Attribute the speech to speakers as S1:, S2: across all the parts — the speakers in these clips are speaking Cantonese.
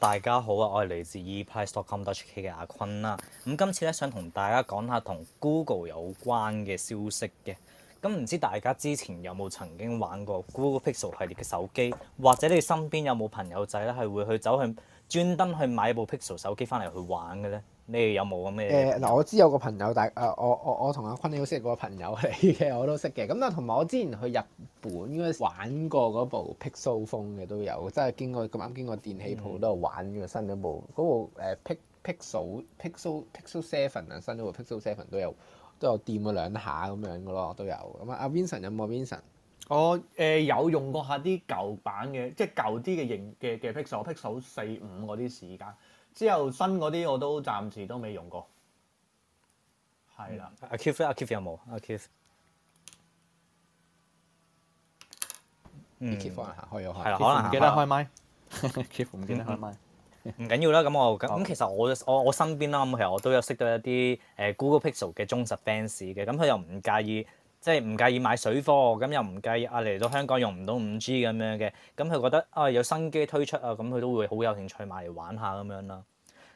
S1: 大家好啊，我係嚟自 eprice.com.hk 嘅阿坤啦。咁今次咧，想同大家講下同 Google 有關嘅消息嘅。咁唔知大家之前有冇曾經玩過 Google Pixel 系列嘅手機，或者你身邊有冇朋友仔咧係會去走去專登去買部 Pixel 手機翻嚟去玩嘅呢？你哋有冇啊？咩？誒嗱，我知
S2: 有個朋友，但誒、呃、我我我同阿坤你好識個朋友嚟嘅， 我都識嘅。咁啦，同埋我之前去日本嗰時玩過嗰部 Pixel 風嘅都有，即、就、係、是、經過咁啱經過電器鋪都有玩嘅新一部，嗰、嗯、部誒 Pixel Pixel Pixel Seven 啊，新咗部 Pixel Seven 都有都有掂咗兩下咁樣嘅咯，都有。咁啊，Vincent 有冇 Vincent？我誒、呃、有用過下啲舊版嘅，即係舊啲嘅型嘅嘅 Pixel Pixel
S3: 四五嗰啲時間。之後新嗰啲我都暫時都未用過，係啦。阿 Kiff，阿 Kiff 有冇？阿 Kiff
S2: 嗯，
S1: 開咗開。係啦，可能記得開麥。
S3: Kiff 唔記得開麥？
S1: 唔緊要啦，咁我咁其實我我我身邊啦，咁、嗯、其實我都有識到一啲誒 Google Pixel 嘅忠實 fans 嘅，咁、嗯、佢又唔介意。即係唔介意買水貨，咁又唔介意啊嚟到香港用唔到五 G 咁樣嘅，咁佢覺得啊有新機推出啊，咁佢都會好有興趣買嚟玩下咁樣啦。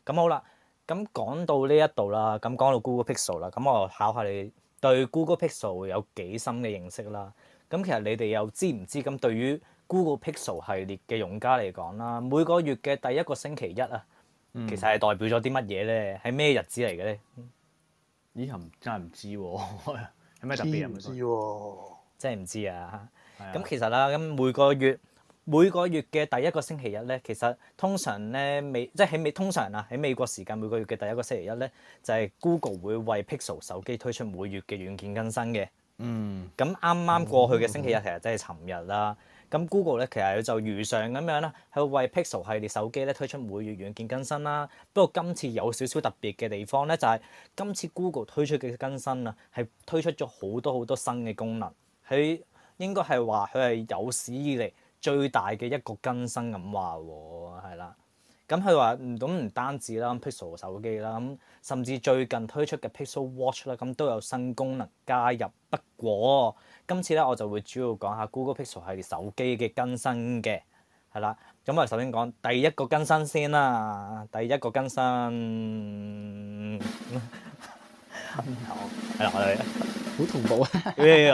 S1: 咁好啦，咁講到呢一度啦，咁講到 Google Pixel 啦，咁我考下你對 Google Pixel 有幾深嘅認識啦。咁其實你哋又知唔知咁對於 Google Pixel 系列嘅用家嚟講啦，每個月嘅第一個星期一啊，其實係代表咗啲乜嘢咧？係咩、嗯、日子嚟嘅咧？咦，真係唔知喎、啊。 有咩特別人？唔知，真係唔知啊！咁的其實啦，咁每個月每個月嘅第一個星期日咧，其實通常咧美即喺美通常啊喺美國時間每個月嘅第一個星期一咧，就係、是、Google 會為 Pixel 手機推出每月嘅軟件更新嘅。嗯。咁啱啱過去嘅星期日、嗯、其實真係尋日啦。咁 Google 咧，其實佢就如常咁樣啦，係為 Pixel 系列手機咧推出每月軟件更新啦。不過今次有少少特別嘅地方咧，就係今次 Google 推出嘅更新啊，係推出咗好多好多新嘅功能。佢應該係話，佢係有史以嚟最大嘅一個更新咁話喎，係啦。咁佢話唔咁唔單止啦，Pixel 手機啦，咁甚至最近推出嘅 Pixel Watch 啦，咁都有新功能加入。不過今次咧，我就會主要講下 Google Pixel 係手機嘅更新嘅，係啦。咁我哋首先講第一個更新先啦，第一個更新。係啦，
S3: 好同步
S1: 啊！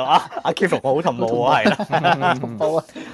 S1: 啊，阿 Kev，我好同步啊，係。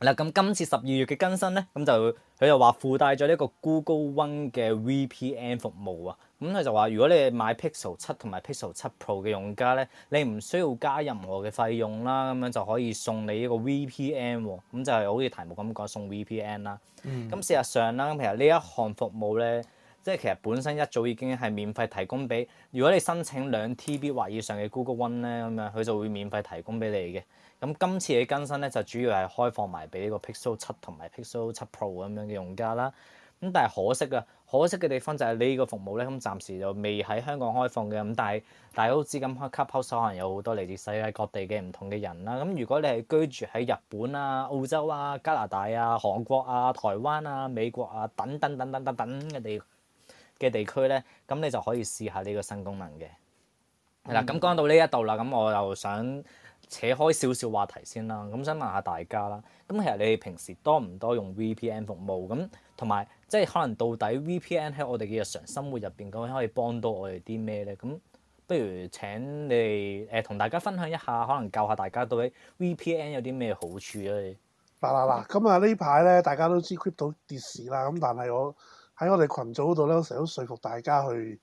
S1: 嗱，咁今次十二月嘅更新咧，咁就佢就話附帶咗呢個 Google One 嘅 VPN 服務啊，咁佢就話如果你係買 Pixel 七同埋 Pixel 七 Pro 嘅用家咧，你唔需要加任何嘅費用啦，咁樣就可以送你呢個 VPN，咁、啊、就係好似題目咁講送 VPN 啦。咁、嗯、事實上啦，咁其實呢一項服務咧。即係其實本身一早已經係免費提供俾，如果你申請兩 TB 或以上嘅 Google One 咧，咁樣佢就會免費提供俾你嘅。咁今次嘅更新咧就主要係開放埋俾呢個 Pixel 七同埋 Pixel 七 Pro 咁樣嘅用家啦。咁但係可惜啊，可惜嘅地方就係你呢個服務咧，咁暫時就未喺香港開放嘅。咁但係大家都知咁 Google 可能有好多嚟自世界各地嘅唔同嘅人啦。咁如果你係居住喺日本啊、澳洲啊、加拿大啊、韓國啊、台灣啊、美國啊等等等等等等嘅地方。嘅地區咧，咁你就可以試下呢個新功能嘅。嗱、嗯，咁講到呢一度啦，咁我就想扯開少少話題先啦。咁想問下大家啦，咁其實你哋平時多唔多用 VPN 服務咁，同埋即係可能到底 VPN 喺我哋嘅日常生活入邊，究竟可以幫到我哋啲咩咧？咁不如請你誒同、呃、大家分享一下，可能教下大家到底 VPN 有啲咩好處咧？
S4: 嗱嗱嗱，咁啊呢排咧大家都知 c 到啲事啦，咁但係我。喺我哋群組嗰度咧，成日都說服大家去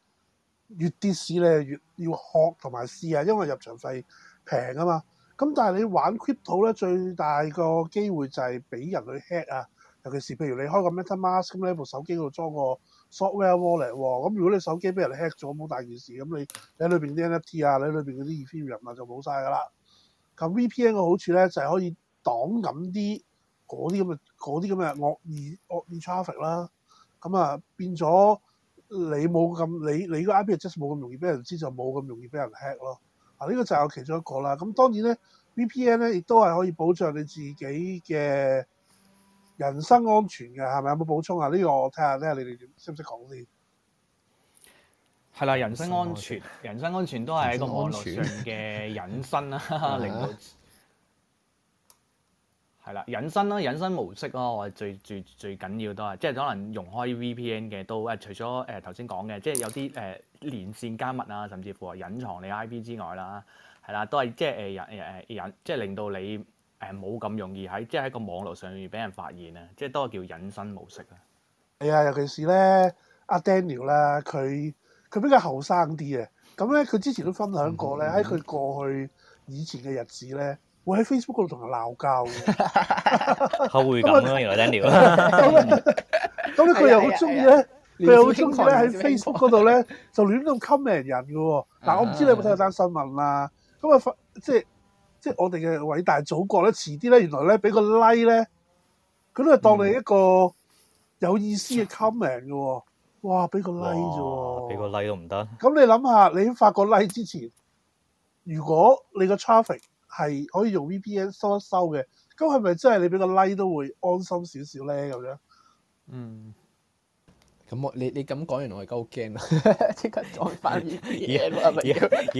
S4: 越啲試咧，越要學同埋試啊。因為入場費平啊嘛，咁但係你玩 Crypto 咧，最大個機會就係俾人去 hack 啊。尤其是譬如你開個 MetaMask 咁咧，部手機嗰度裝個 software wallet 喎。咁如果你手機俾人 hack 咗，冇大件事咁你喺裏邊啲 NFT 啊，你裏邊嗰啲 Ethereum 就冇晒㗎啦。咁 VPN 嘅好處咧就係、是、可以擋緊啲啲咁嘅嗰啲咁嘅惡意惡意 traffic 啦。咁啊，變咗你冇咁，你你個 IP 係 j u s 冇咁容易俾人知，就冇咁容易俾人吃 a 咯。啊、呢、這個就係我其中一個啦。咁、啊、當然咧，VPN 咧亦都係可以保障你自己嘅人身安全嘅，係咪？有冇補充啊？呢、這個我睇下，睇下你哋點識唔識講先？
S3: 係啦，人身安全，人身安，安全都係一個安全嘅隱身啦，令 的 係啦，隱身啦，隱身模式咯，我最最最緊要都係，即係可能用開 VPN 嘅都誒，除咗誒頭先講嘅，即係有啲誒、呃、連線加密啊，甚至乎啊隱藏你 IP 之外啦，係啦，都係即係誒隱即係令到你誒冇咁容易喺即係喺個網絡上面俾人發現啊，即係都叫隱身模式
S4: 啦。係啊，尤其是咧阿 Daniel 咧，佢佢比較後生啲嘅，咁咧佢之前都分享過咧，喺佢過去以前嘅日子咧。嗯嗯嗯會喺 Facebook 嗰度同人鬧交，
S1: 好會，咁原來 Daniel，
S2: 咁咧佢又好中意咧，佢又好中意咧喺 Facebook
S4: 嗰度咧就亂咁 comment 人嘅。但我唔知你有冇睇過嗰單新聞啦？咁啊、就是，即係即係我哋嘅偉大祖國咧，遲啲咧原來咧俾個 like 咧，佢都係當你一個有意思嘅 comment 嘅。哇！俾個 like 啫，
S1: 俾個 like 都唔得。
S4: 咁你諗下，你發個 like 之前，如果你個 traffic 係可以用 VPN 收一收嘅，咁係咪真係你俾個 like 都會安心少少咧？咁樣，嗯，
S2: 咁我你你咁講完我而家好驚啊！即 刻再發啲嘢，以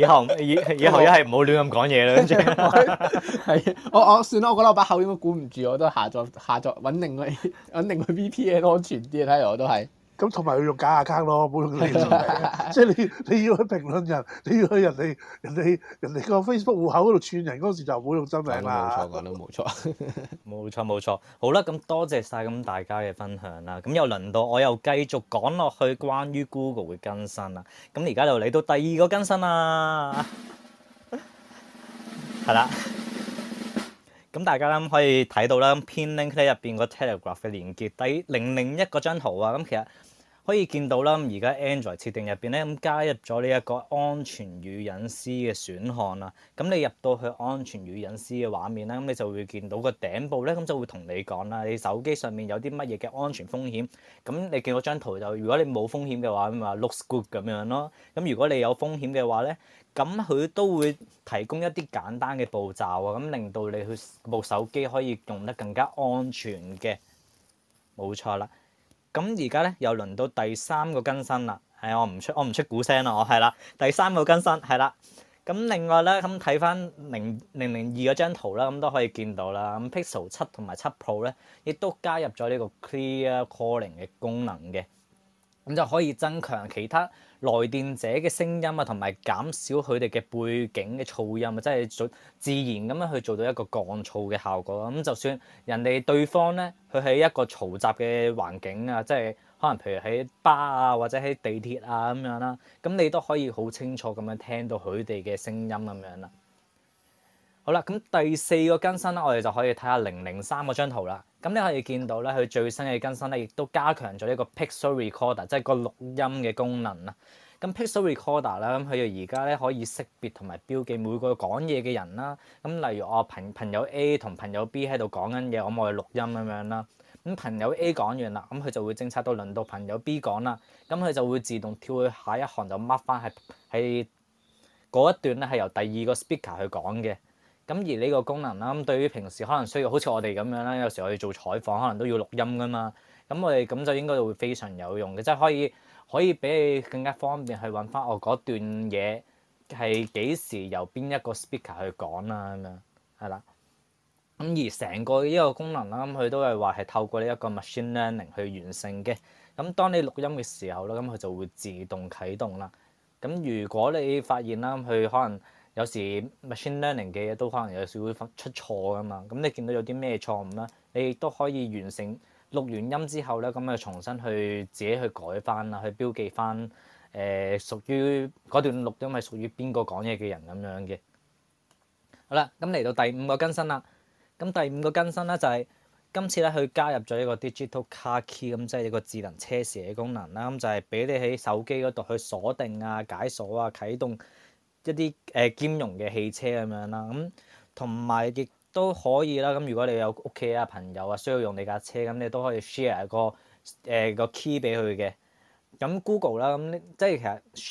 S2: 後，以以後，一係
S1: 唔好亂咁講嘢啦。係，
S2: 我我算啦，我覺得我把口應該管唔住，我都下載下載穩定嘅穩定嘅 VPN 安
S4: 全啲。睇嚟我都係。咁同埋要用假 account 咯，唔好用真名。 即係你你要去評論人，你要去人哋人哋人哋個 Facebook 戶口度串人嗰時，就唔好用真名啦。冇錯，講得冇錯。
S1: 冇 錯，冇錯。好啦，咁多謝晒咁大家嘅分享啦。咁又輪到我又繼續講落去關於 Google 嘅更新啦。咁而家就嚟到第二個更新啦，係 啦。咁大家咁可以睇到啦片 Link 喺入邊個 Telegraph 嘅連結第零零一嗰張圖啊，咁其實可以見到啦。而家 Android 設定入邊咧，咁加入咗呢一個安全與隱私嘅選項啦。咁你入到去安全與隱私嘅畫面啦，咁你就會見到個頂部咧，咁就會同你講啦，你手機上面有啲乜嘢嘅安全風險。咁你見我張圖就，如果你冇風險嘅話，咁話 Looks good 咁樣咯。咁如果你有風險嘅話咧，咁佢都會提供一啲簡單嘅步驟啊，咁令到你佢部手機可以用得更加安全嘅，冇錯啦。咁而家咧又輪到第三個更新啦，係、哎、我唔出我唔出鼓聲啦，我係啦，第三個更新係啦。咁另外咧咁睇返零零零二嗰張圖啦，咁都可以見到啦。咁 Pixel 七同埋七 Pro 咧，亦都加入咗呢個 Clear Calling 嘅功能嘅。咁就可以增強其他來電者嘅聲音啊，同埋減少佢哋嘅背景嘅噪音啊，即係做自然咁樣去做到一個降噪嘅效果啦。咁就算人哋對方咧，佢喺一個嘈雜嘅環境啊，即係可能譬如喺巴啊或者喺地鐵啊咁樣啦，咁你都可以好清楚咁樣聽到佢哋嘅聲音咁樣啦。好啦，咁第四個更新啦，我哋就可以睇下零零三嗰張圖啦。咁你可以見到咧，佢最新嘅更新咧，亦都加強咗呢個 Pixel Recorder，即係個錄音嘅功能啦。咁 Pixel Recorder 咧，咁佢而家咧，可以識別同埋標記每個講嘢嘅人啦。咁例如我朋朋友 A 同朋友 B 喺度講緊嘢，我咪錄音咁樣啦。咁朋友 A 講完啦，咁佢就會偵測到輪到朋友 B 講啦。咁佢就會自動跳去下一行就，就 mark 翻喺係嗰一段咧係由第二個 speaker 去講嘅。咁而呢個功能啦，咁對於平時可能需要，好似我哋咁樣啦，有時我哋做採訪可能都要錄音噶嘛。咁我哋咁就應該會非常有用嘅，即係可以可以俾你更加方便去揾翻我嗰段嘢係幾時由邊一個 speaker 去講啦咁樣，係啦。咁而成個呢個功能啦，咁佢都係話係透過呢一個 machine learning 去完成嘅。咁當你錄音嘅時候咧，咁佢就會自動啟動啦。咁如果你發現啦，佢可能有時 machine learning 嘅嘢都可能有少少出錯㗎嘛，咁你見到有啲咩錯誤啦，你亦都可以完成錄完音之後咧，咁就重新去自己去改翻啦，去標記翻誒屬於嗰段錄音係屬於邊個講嘢嘅人咁樣嘅。好啦，咁嚟到第五個更新啦，咁第五個更新咧就係今次咧去加入咗一個 digital car key，咁即係一個智能車匙嘅功能啦，咁就係俾你喺手機嗰度去鎖定啊、解鎖啊、啟動，一啲誒兼容嘅汽車咁樣啦，咁同埋亦都可以啦。咁如果你有屋企啊朋友啊需要用你架車，咁你都可以 share 一個誒、呃、個 key 俾佢嘅。咁 Google 啦，咁即係其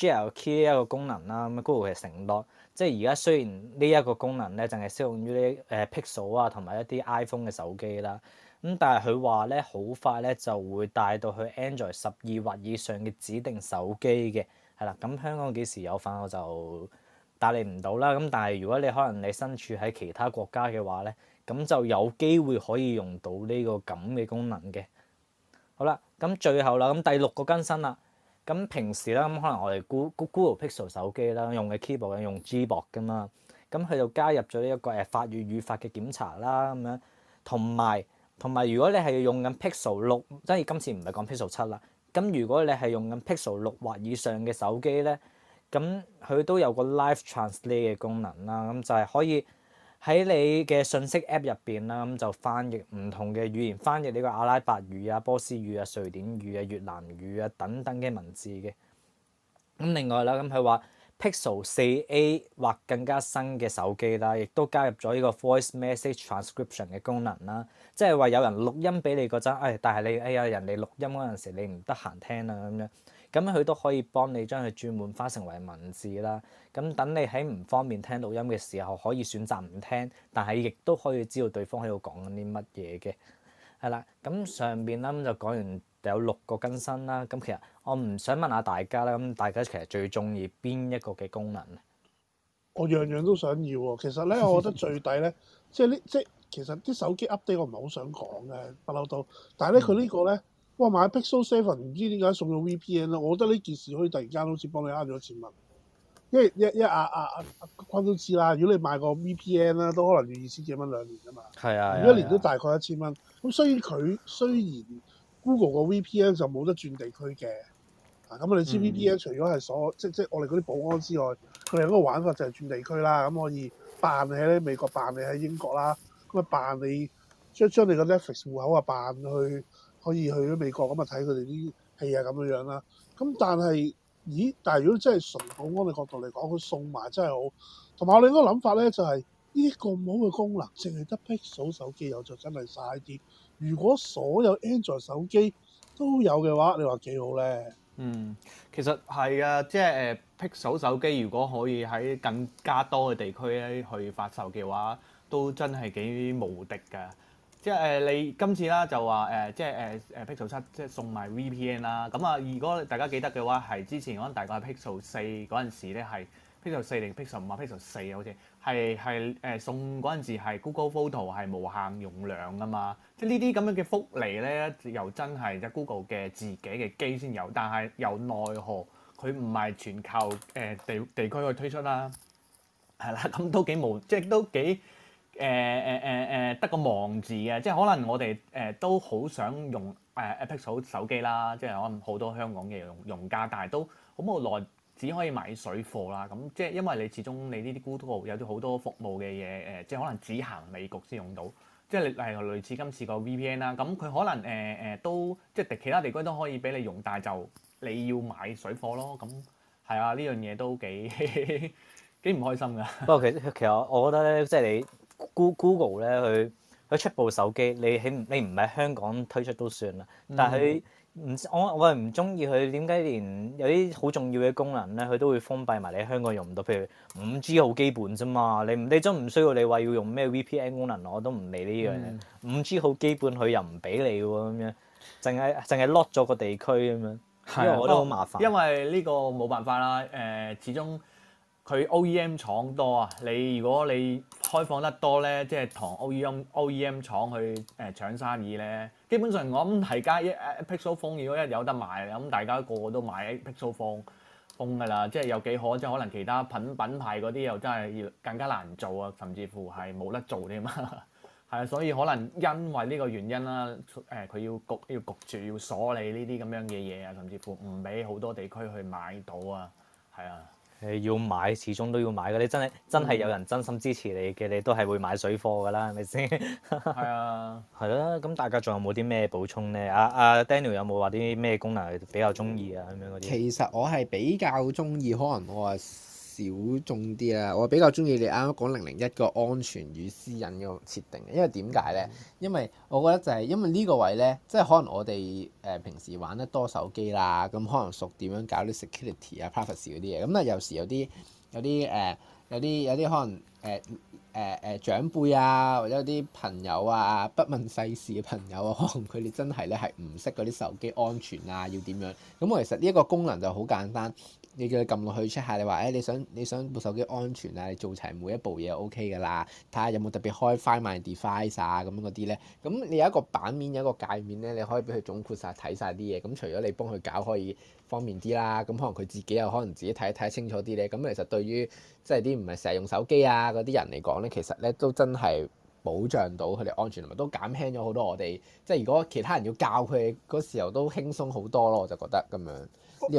S1: 實 share 個 key 一個功能啦。咁 Google 其實承諾，即係而家雖然呢一個功能咧，淨係適用於啲 Pixel 啊同埋一啲 iPhone 嘅手機啦。咁但係佢話咧，好快咧就會帶到去 Android 十二或以上嘅指定手機嘅。係啦，咁香港幾時有份我就～打理唔到啦，咁但係如果你可能你身處喺其他國家嘅話咧，咁就有機會可以用到呢個咁嘅功能嘅。好啦，咁最後啦，咁第六個更新啦。咁平時咧，咁可能我哋 Google Pixel 手機啦，用嘅 keyboard 用 Gboard 噶嘛，咁佢就加入咗呢一個誒法語語法嘅檢查啦，咁樣同埋同埋，如果你係用緊 Pixel 六，即係今次唔係講 Pixel 七啦，咁如果你係用緊 Pixel 六或以上嘅手機咧。咁佢都有個 live translate 嘅功能啦，咁就係可以喺你嘅信息 app 入邊啦，咁就翻譯唔同嘅語言，翻譯呢個阿拉伯語啊、波斯語啊、瑞典語啊、越南語啊等等嘅文字嘅。咁另外啦，咁佢話 Pixel 4A 或更加新嘅手機啦，亦都加入咗呢個 voice message transcription 嘅功能啦，即係話有人錄音俾你嗰陣，哎，但係你哎呀人哋錄音嗰陣時你唔得閒聽啊咁樣。咁佢都可以幫你將佢轉換翻成為文字啦。咁等你喺唔方便聽錄音嘅時候，可以選擇唔聽，但係亦都可以知道對方喺度講緊啲乜嘢嘅。係啦，咁上邊啦咁就講完有六個更新啦。咁其實我唔想問下大家啦，咁大家其實最中意邊一
S4: 個嘅功能？我樣樣都想要喎。其實咧，我覺得最抵咧， 即係呢，即係其實啲手機 update 我唔係好想講嘅，不嬲都。但係咧，佢呢個咧。我買 Pixel Seven 唔知點解送咗 VPN 咯，我覺得呢件事可以突然間好似幫你呃咗一千蚊，因為一一阿阿阿坤都知啦，如果你買個 VPN 咧，都可能要二千幾蚊兩年噶嘛，
S1: 如果、啊、一年都
S4: 大概一千蚊。咁、啊、雖然佢雖然 Google 個 VPN 就冇得轉地區嘅，啊咁你知 VPN 除咗係所、嗯、即即我哋嗰啲保安之外，佢哋嗰個玩法就係、是、轉地區啦，咁可以扮喺咧美國，扮你喺英國啦，咁啊扮你將將你個 Netflix 戶口啊扮去。可以去咗美國咁啊，睇佢哋啲戲啊，咁樣樣啦。咁但係，咦？但係如果真係純保安嘅角度嚟講，佢送埋真係好。同埋我另一個諗法咧，就係呢個咁好嘅功能，淨係得 Pixel 手機有就真係曬啲。如果所有 Android 手機都有嘅話，你話幾好咧？嗯，
S3: 其實係啊，即係 Pixel 手機如果可以喺更加多嘅地區咧去發售嘅話，都真係幾無敵㗎。即係誒，你、呃、今次啦就話誒、呃，即係誒誒 Pixel 七即係送埋 VPN 啦。咁啊，如果大家記得嘅話，係之前可能大概 Pixel 四嗰陣時咧，係 Pixel 四定 Pixel 五啊，Pixel 四啊，好似係係誒送嗰陣時係 Google Photo 係無限容量㗎嘛。即係呢啲咁樣嘅福利咧，又真係即係 Google 嘅自己嘅機先有，但係又奈何佢唔係全球誒、呃、地地區去推出啦、啊。係、啊、啦，咁、嗯、都幾無，即係都幾。誒誒誒誒得個望字嘅，即係可能我哋誒、呃、都好想用誒 Pixel、呃、手機啦，即係可能好多香港嘅用用家，但係都好冇奈，只可以買水貨啦。咁即係因為你始終你呢啲 Google 有啲好多服務嘅嘢誒，即係可能只行美國先用到，即係係類似今次個 VPN 啦。咁佢可能誒誒、呃呃、都即係其他地區都可以俾你用，但係就你要買水貨咯。咁係啊，呢樣嘢都幾幾唔開心㗎。不過其實其實我
S1: 覺得咧，即、就、係、是、你。Google 咧佢佢出部手機，你喺你唔喺香港推出都算啦。但佢，唔我我係唔中意佢點解連有啲好重要嘅功能咧，佢都會封閉埋你喺香港用唔到。譬如五 G 好基本啫嘛，你你都唔需要你話要用咩 VPN 功能，我都唔理呢樣嘢。五 G 好基本，佢又唔俾你喎咁樣，淨係淨係 lock 咗個地區咁樣，係啊，我都好麻煩。哦、因
S3: 為呢個冇辦法啦，誒、呃，始終。佢 OEM 廠多啊，你如果你開放得多呢，即係同 OEM OEM 廠去誒搶生意呢，基本上我諗係加一 Pixel Phone 如果一有得賣，咁大家個個都買 Pixel Phone 噶啦，即係有幾可，即係可能其他品品牌嗰啲又真係要更加難做啊，甚至乎係冇得做添嘛，係 啊，所以可能因為呢個原因啦，誒佢要焗要焗住要鎖你呢啲咁樣嘅嘢啊，甚至乎唔俾好多地區去買到啊，係啊。誒
S1: 要買，始終都要買嘅。你真係、嗯、真係有人真心支持你嘅，你都係會買水貨㗎啦，係咪先？係 啊，係啦、 啊。咁大家仲有冇啲咩補充咧？阿阿、啊啊、Daniel 有冇話啲咩功能係比較中意啊？咁樣啲。 其
S2: 實我係比較中意，可能我。少眾啲啦，我比較中意你啱啱講零零一個安全與私隱嘅設定，因為點解呢？因為我覺得就係、是、因為呢個位呢，即係可能我哋誒平時玩得多手機啦，咁可能熟點樣搞啲 security 啊、privacy 嗰啲嘢，咁啊有時有啲有啲誒有啲、呃、有啲、呃、可能誒誒誒長輩啊，或者有啲朋友啊，不問世事嘅朋友啊，可能佢哋真係呢係唔識嗰啲手機安全啊，要點樣？咁其實呢一個功能就好簡單。你叫佢撳落去 check 下，你話誒你想你想部手機安全啊？你做齊每一步嘢就 OK 噶啦。睇下有冇特別開 Find My Device 啊咁嗰啲咧。咁你有一個版面有一個界面咧，你可以俾佢總括晒，睇晒啲嘢。咁除咗你幫佢搞可以方便啲啦。咁可能佢自己又可能自己睇睇清楚啲咧。咁其實對於即係啲唔係成日用手機啊嗰啲人嚟講咧，其實咧都真係保障到佢哋安全同埋都減輕咗好多我哋即係如果其他人要教佢嗰時候都輕鬆好多咯，我就覺得咁樣。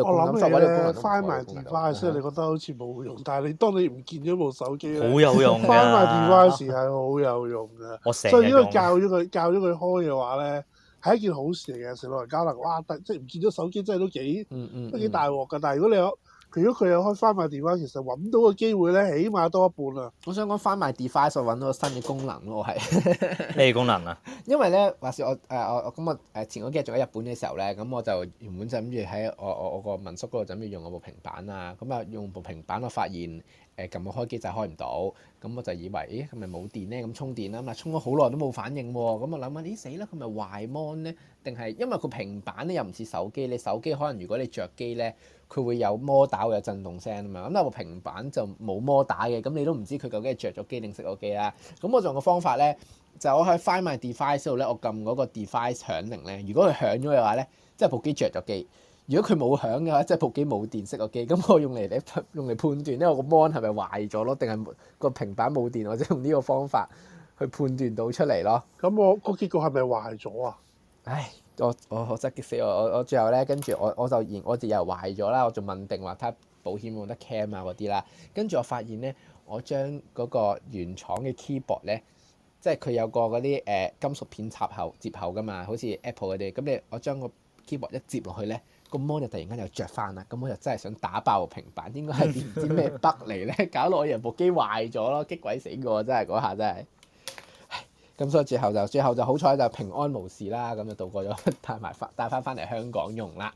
S2: 我諗嘅咧，翻
S4: 埋 device 你覺得好似冇用，嗯、但係你當你唔見咗部手機，好有用翻埋 device 係好有用啊！ 個用，所以如果教咗佢， 教咗佢開嘅話咧，係一件好事嚟嘅，成老人家交流哇！即係唔見咗手機，真係都幾、嗯嗯、都幾大鑊㗎。但係如果你有如果佢有開翻埋電話，其實揾到嘅機會咧，起碼多一半啦！我想講翻埋 device 揾到個新嘅功能咯， 我係
S1: 咩功能啊？
S2: 因為咧，話時話說我誒我我咁啊誒前幾日仲喺日本嘅時候咧，咁我就原本就諗住喺我我我個民宿嗰度就諗住用我部平板啊，咁啊用部平板，我發現。誒撳開機就開唔到，咁我就以為，咦，佢咪冇電咧？咁充電啦，咁啊充咗好耐都冇反應喎，咁我諗下，咦，死啦，佢咪壞 mon 咧？定係因為佢平板咧又唔似手機，你手機可能如果你着機咧，佢會有摩打，會有震動聲啊嘛。咁但係平板就冇摩打嘅，咁你都唔知佢究竟係着咗機定熄咗機啦。咁我仲有個方法咧，就我喺 Find My Device 度咧，我撳嗰個 Device 響鈴咧，如果佢響咗嘅話咧，即係部機着咗機。如果佢冇響嘅話，即係部機冇電熄個機，咁我用嚟嚟用嚟判斷咧，我個 mon 係咪壞咗咯？定係個平板冇電，或者用呢個方法去判斷
S4: 到出嚟咯？咁我、嗰個結果係咪壞咗啊？
S2: 唉，我我好真激死我！我我，我最後咧，跟住我我就認我字又壞咗啦。我仲問定話睇保險冇得 claim 啊嗰啲啦。跟住我發現咧，我將嗰個原廠嘅 keyboard 咧，即係佢有個嗰啲誒金屬片插口接口噶嘛，好似 Apple 嗰啲咁。你我將個 keyboard 一接落去咧。個芒就突然間又着翻啦，咁我就真係想打爆個平板，應該係知咩筆嚟咧？搞到我又部機壞咗咯，激鬼死過真係嗰下真係。咁所以最後就最後就好彩就平安無事啦，咁就度過咗，帶埋翻帶翻翻嚟香港用啦。